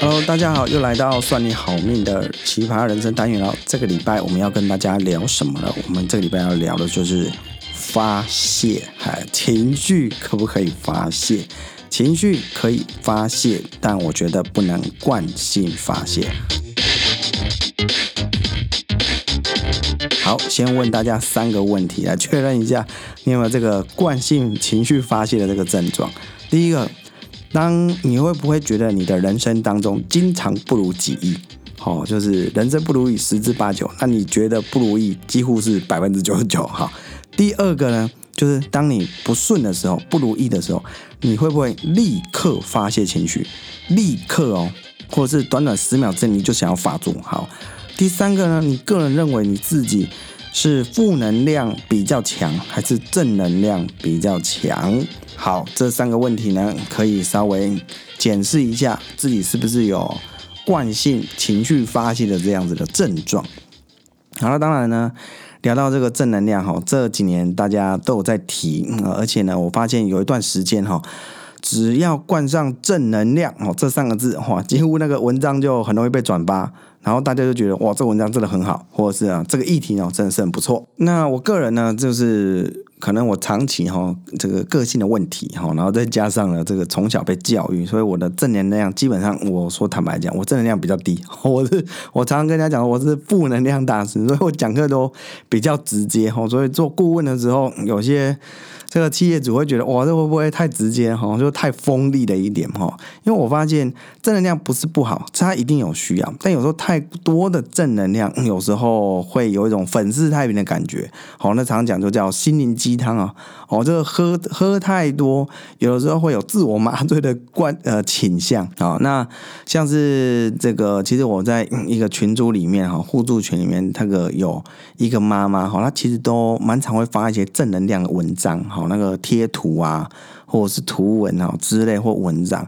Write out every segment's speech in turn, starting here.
Hello，大家好，又來到算你好命的奇葩人生單元了。這個禮拜我們要跟大家聊什麼呢？我們這個禮拜要聊的就是發洩，哎，情緒可不可以發洩？情緒可以發洩，但我覺得不能慣性發洩。好，先問大家三個問題來確認一下，你有沒有這個慣性情緒發洩的這個症狀？第一個。當你會不會覺得你的人生當中經常不如己意？好、哦，就是人生不如意十之八九。那你覺得不如意幾乎是百分之九十九。好，第二個呢，就是當你不順的時候，不如意的時候，你會不會立刻發洩情緒？立刻哦，或者是短短十秒之內你就想要發作？好，第三個呢，你個人認為你自己。是負能量比較強，還是正能量比較強？好，這三個問題呢，可以稍微檢視一下自己是不是有慣性情緒發洩的這樣子的症狀。好了，當然呢，聊到這個正能量哈，這幾年大家都有在提，而且呢，我發現有一段時間哈。只要冠上正能量哦這三個字，哇、哦，幾乎那個文章就很容易被轉發，然後大家就覺得哇，這文章真的很好，或者是啊，這個議題哦真的是很不錯。那我個人呢，就是可能我長期哈、哦、這個個性的問題哈、哦，然後再加上了這個從小被教育，所以我的正能量基本上，我說坦白講，我正能量比較低。哦、我是我常常跟人家講，我是負能量大師，所以我講課都比較直接哈、哦。所以做顧問的時候，有些。這個企業主會覺得，哇，這會不會太直接哈？就太鋒利的一點哈。因為我發現正能量不是不好，它一定有需要，但有時候太多的正能量有時候會有一種粉飾太平的感覺。好，那常常講就叫心靈雞湯啊。哦，這個喝喝太多，有的時候會有自我麻醉的觀呃傾向啊。那像是這個，其實我在一個群組裡面哈，互助群裡面，他、這個有一個媽媽哈，她其實都蠻常會發一些正能量的文章哈。那個貼圖啊，或者是圖文啊之類或文章，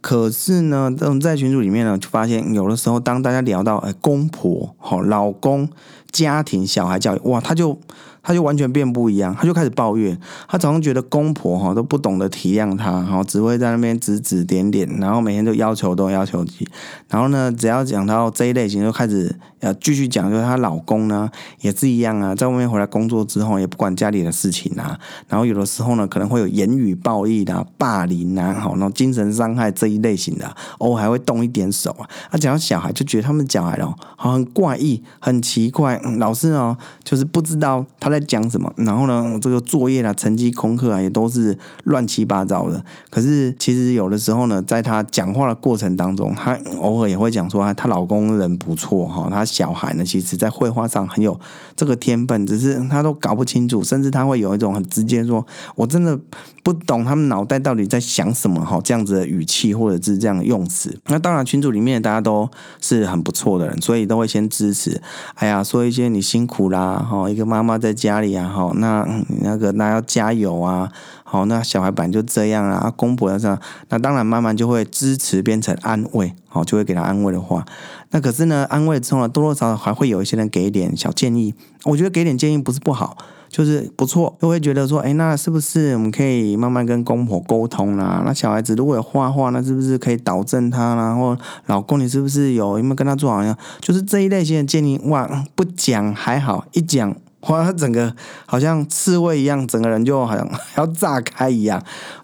可是呢，嗯，在群組裡面呢，就發現有的時候，當大家聊到哎、欸、公婆、好老公、家庭、小孩教育，哇，他就。他就完全變不一樣，他就開始抱怨，他常常覺得公婆哈都不懂得體諒他，哈，只會在那邊指指點點，然後每天就要都要求東要求西，然後呢，只要講到這一類型，就開始要繼、呃、續講，就是她老公呢也是一樣啊，在外面回來工作之後，也不管家裡的事情啊，然後有的時候呢，可能會有言語暴力的、霸凌啊，好、喔，然後精神傷害，這一類型的，偶爾還會動一點手啊。他、啊、講到小孩就覺得他們小孩哦，好、啊、很怪異，很奇怪，嗯、老是哦，就是不知道他。在講什麼？然後呢，這個作業啊，成績、功課啊，也都是亂七八糟的。可是其實有的時候呢，在他講話的過程當中，她偶爾也會講說他，她老公人不錯哈。她哦，小孩呢，其實在繪畫上很有這個天分，只是她都搞不清楚。甚至她會有一種很直接說：“我真的不懂他們腦袋到底在想什麼。”哈，這樣子的語氣或者是這樣的用詞。那當然，群組裡面大家都是很不錯的人，所以都會先支持。哎呀，說一些你辛苦啦哈。一個媽媽在。家裡啊，好，那那個那要加油啊，好，那小孩本來就這樣啊，公婆要這樣，那當然慢慢就會支持變成安慰，好，就會給他安慰的話，那可是呢，安慰之後呢，多多少少還會有一些人給一點小建議，我覺得給點建議不是不好，就是不錯，就會覺得說，哎、欸，那是不是我們可以慢慢跟公婆溝通啊？那小孩子如果有畫畫，那是不是可以導正他啦？或老公你是不是有有沒有跟他做好？就是這一類型的建議，哇，不講還好，一講。哇！他整個好像刺蝟一樣，整個人就好像要炸開一樣。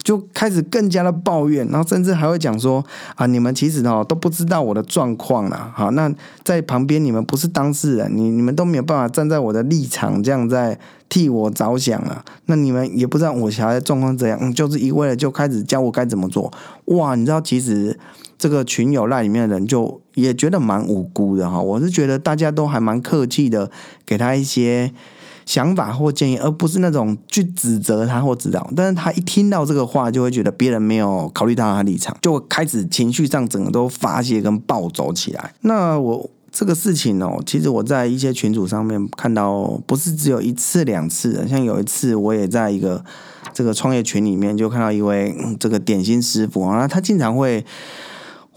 就開始更加的抱怨，然後甚至還會講說啊，你們其實哦都不知道我的狀況啦，好，那在旁邊你們不是當事人，你你們都沒有辦法站在我的立場這樣在替我着想啊。那你們也不知道我小孩的狀況怎樣，嗯、就是一味的就開始教我該怎麼做，哇，你知道其實這個群友那裡面的人就也覺得蠻無辜的哈，我是覺得大家都還蠻客氣的，給他一些。想法或建議，而不是那種去指責他或指導。但是他一聽到這個話，就會覺得別人沒有考慮到他立場，就開始情緒上整個都發洩跟暴走起來。那我這個事情哦、喔，其實我在一些群組上面看到，不是只有一次兩次的，像有一次我也在一個這個創業群裡面，就看到一位這個點心師傅啊，他經常會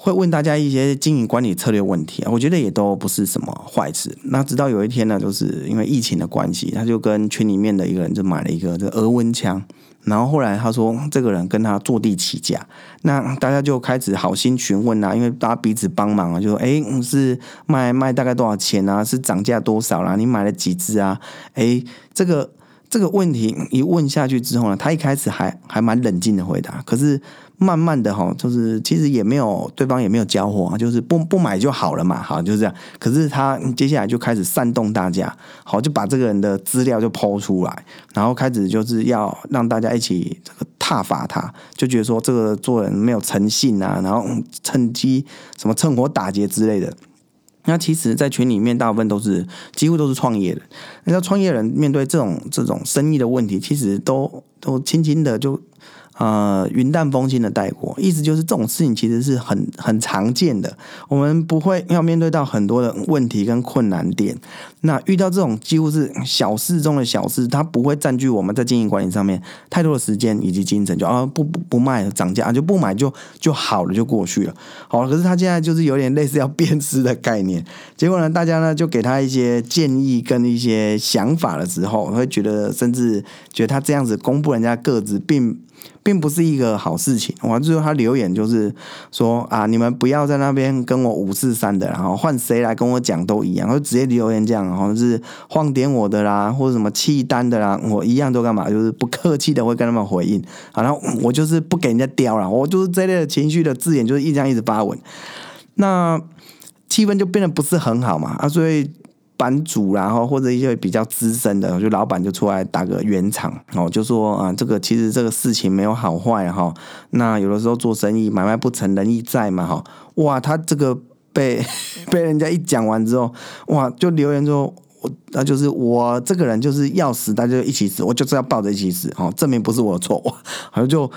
會問大家一些經營管理策略問題啊，我覺得也都不是什麼壞事。那直到有一天呢，就是因為疫情的關係，他就跟群裡面的一個人就買了一個這個額溫槍，然後後來他說這個人跟他坐地起價，那大家就開始好心詢問啊，因為大家彼此幫忙啊，就說哎，是賣賣大概多少錢啊？是漲價多少啊？你買了幾支啊？哎，這個這個問題一問下去之後呢，他一開始還還蠻冷靜的回答，可是。慢慢的哈，就是其實也沒有，對方也沒有交貨，就是不不買就好了嘛，好，就是這樣。可是他接下來就開始煽動大家，好，就把這個人的資料就拋出來，然後開始就是要讓大家一起這個撻伐他，就覺得說這個做人沒有誠信啊，然後趁機什麼趁火打劫之類的。那其實，在群裡面大部分都是幾乎都是創業的，那創業人面對這種這種生意的問題，其實都都輕輕的就。呃，雲淡風輕的帶過，意思就是這種事情其實是很很常見的，我們不會要面對到很多的問題跟困難點。那遇到這種幾乎是小事中的小事，他不會佔據我們在經營管理上面太多的時間以及精神，就啊、哦、不不不賣，漲價啊就不買就就好了，就過去了。好了，可是他現在就是有點類似要鞭屍的概念。結果呢，大家呢就給他一些建議跟一些想法的時候，會覺得甚至覺得他這樣子公布人家個子並。並不是一個好事情。我就是他留言，就是說啊，你們不要在那邊跟我五四三的，然後換誰來跟我講都一樣。他就直接留言這樣，然後是晃點我的啦，或者什麼棄單的啦，我一樣都幹嘛？就是不客氣的會跟他們回應。然後我就是不給人家刁了，我就是這類的情緒的字眼，就是一直這樣一直發文，那氣氛就變得不是很好嘛。啊，所以。版主，然後或者一些比較資深的，就老闆就出來打個圓場，哦，就說啊，這個其實這個事情沒有好壞哈。那有的時候做生意買賣不成仁義在嘛哈。哇，他這個被被人家一講完之後，哇，就留言說，那就是我這個人就是要死，大家就一起死，我就是要抱着一起死，哦，證明不是我的錯，好像就。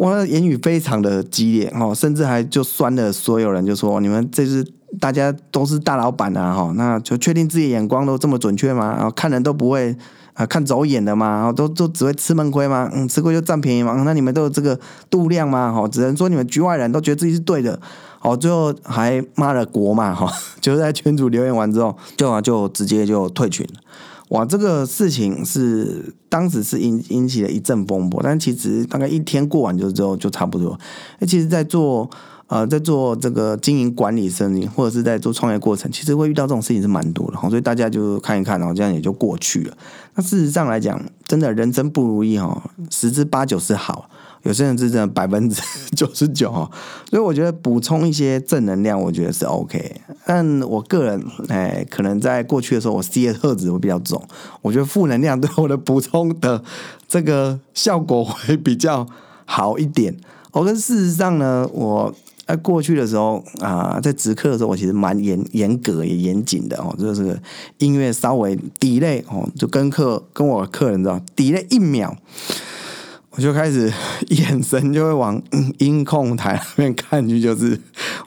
我那言語非常的激烈哦，甚至還就酸了所有人，就說你們這是大家都是大老闆啊，哈，那就確定自己眼光都這麼準確嗎？然後看人都不會啊、呃、看走眼的嘛，然後都都只會吃悶虧嘛，嗯，吃虧就佔便宜嘛、嗯。那你們都有這個度量嘛，哈，只能說你們局外人都覺得自己是對的，哦，最後還罵了國罵，哈，就在群主留言完之後，就啊就直接就退群了。哇，這個事情是當時是引引起了一陣風波，但其實大概一天過完就之後就差不多。那其實，在做呃在做這個經營管理生意，或者是在做創業過程，其實會遇到這種事情是蠻多的，所以大家就看一看哦，然後這樣也就過去了。那事實上來講，真的人生不如意哦，十之八九是好。有些人是真的百分之九十九哦，所以我覺得補充一些正能量，我覺得是 OK。但我個人，哎，可能在過去的時候，我 C 的特質會比較重。我覺得負能量對我的補充的這個效果會比較好一點。我跟事實上呢，我在過去的時候啊、呃，在直課的時候，我其實蠻嚴嚴格也嚴謹的哦，就是音樂稍微 delay 哦，就跟客跟我客人知道 delay 一秒。我就開始眼神就會往音控台那邊看去，就是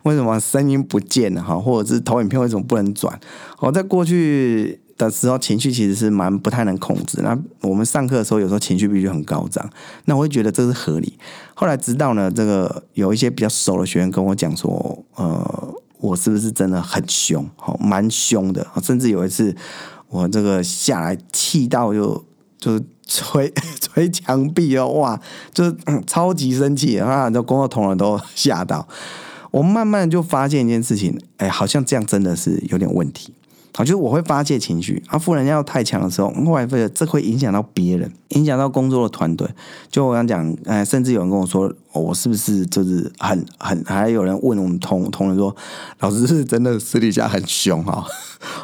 為什麼聲音不見了哈，或者是投影片為什麼不能轉？我在過去的時候情緒其實是蠻不太能控制。那我們上課的時候有時候情緒必須很高漲，那我會覺得這是合理。後來知道呢，這個有一些比較熟的學員跟我講說，呃，我是不是真的很兇？好，蠻兇的。甚至有一次我這個下來氣到就就是。捶捶牆壁哦，哇，就是、嗯、超級生氣，然、啊、後就工作同仁都嚇到。我慢慢就發現一件事情，哎、欸，好像這樣真的是有點問題。好，就是我會發洩情緒，啊，負能量太強的時候，我還覺得這會影響到別人，影響到工作的團隊。就我剛講，哎、欸，甚至有人跟我說，我、哦、是不是就是很很？還有人問我們同同仁說，老師是真的私底下很凶哈、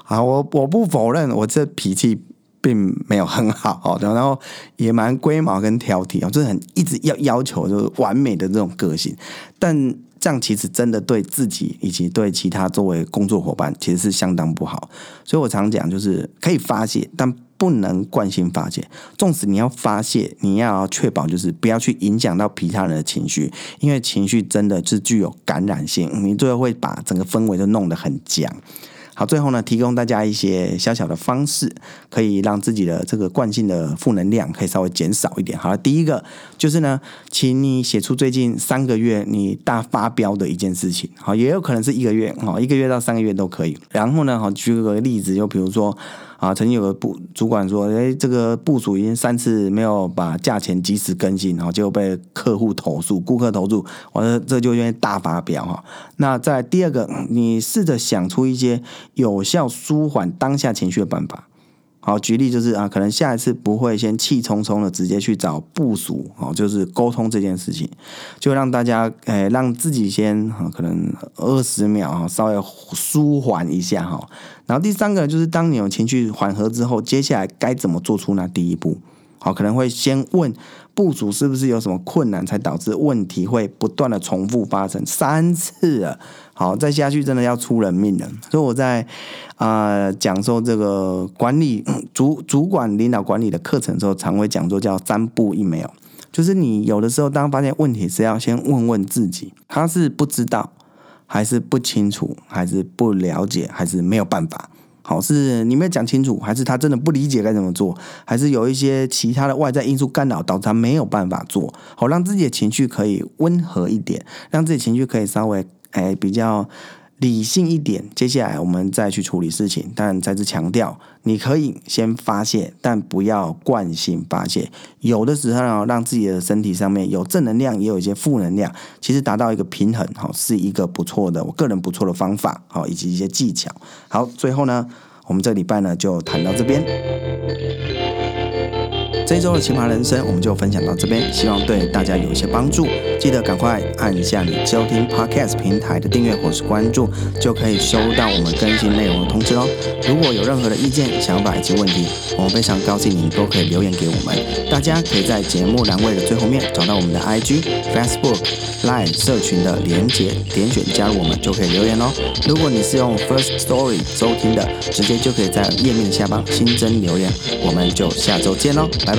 哦？啊，我我不否認，我這脾氣並沒有很好，然後也蠻龜毛跟挑剔啊，就是很一直要要求就是完美的這種個性。但這樣其實真的對自己以及對其他作為工作夥伴，其實是相當不好。所以我常講，就是可以發洩，但不能慣性發洩。縱使你要發洩，你要確保就是不要去影響到其他人的情緒，因為情緒真的是具有感染性，你最後會把整個氛圍都弄得很僵。好，最後呢，提供大家一些小小的方式，可以讓自己的這個慣性的負能量可以稍微減少一點。好了，第一個就是呢，請你寫出最近三個月你大發飆的一件事情。好，也有可能是一個月，哈，一個月到三個月都可以。然後呢，好，舉個例子，就比如說。啊，曾經有個部主管說，誒，這個部署已經三次沒有把價錢及時更新，然後就被客戶投訴、顧客投訴，完了這就因為大發飆哈。那在第二個，你試着想出一些有效舒緩當下情緒的辦法。好，舉例就是啊，可能下一次不會先氣沖沖的直接去找部屬，哦，就是溝通這件事情，就讓大家誒、欸，讓自己先哈、啊，可能二十秒哈、啊，稍微舒緩一下哈。然後第三個就是，當你有情緒緩和之後，接下來該怎麼做出那第一步？好，可能會先問部署是不是有什麼困難，才導致問題會不斷的重複發生三次了。好，再下去真的要出人命了。所以我在啊、呃、講授這個管理主主管領導管理的課程的時候，常會講說叫三不一沒有，就是你有的時候當發現問題是要先問問自己，他是不知道，還是不清楚，還是不了解，還是沒有辦法。好，是你沒有講清楚，還是他真的不理解該怎麼做，還是有一些其他的外在因素干擾，導致他沒有辦法做好，讓自己的情緒可以溫和一點，讓自己情緒可以稍微哎、欸、比較。理性一點，接下來我們再去處理事情。但再次強調，你可以先發洩，但不要慣性發洩。有的時候讓自己的身體上面有正能量，也有一些負能量，其實達到一個平衡，是一個不錯的，我個人不錯的方法，以及一些技巧。好，最後呢，我們這禮拜呢就談到這邊。這週的奇葩人生我們就分享到這邊，希望對大家有一些幫助。記得趕快按下你收聽 Podcast 平台的訂閱或是關注，就可以收到我們更新內容的通知哦。如果有任何的意見、想法以及問題，我們非常高興你都可以留言給我們。大家可以在節目欄位的最後面找到我們的 IG、Facebook、Line 社群的連結，點選加入我們就可以留言哦。如果你是用 First Story 收聽的，直接就可以在頁面下方新增留言。我們就下周見嘍、哦，拜拜。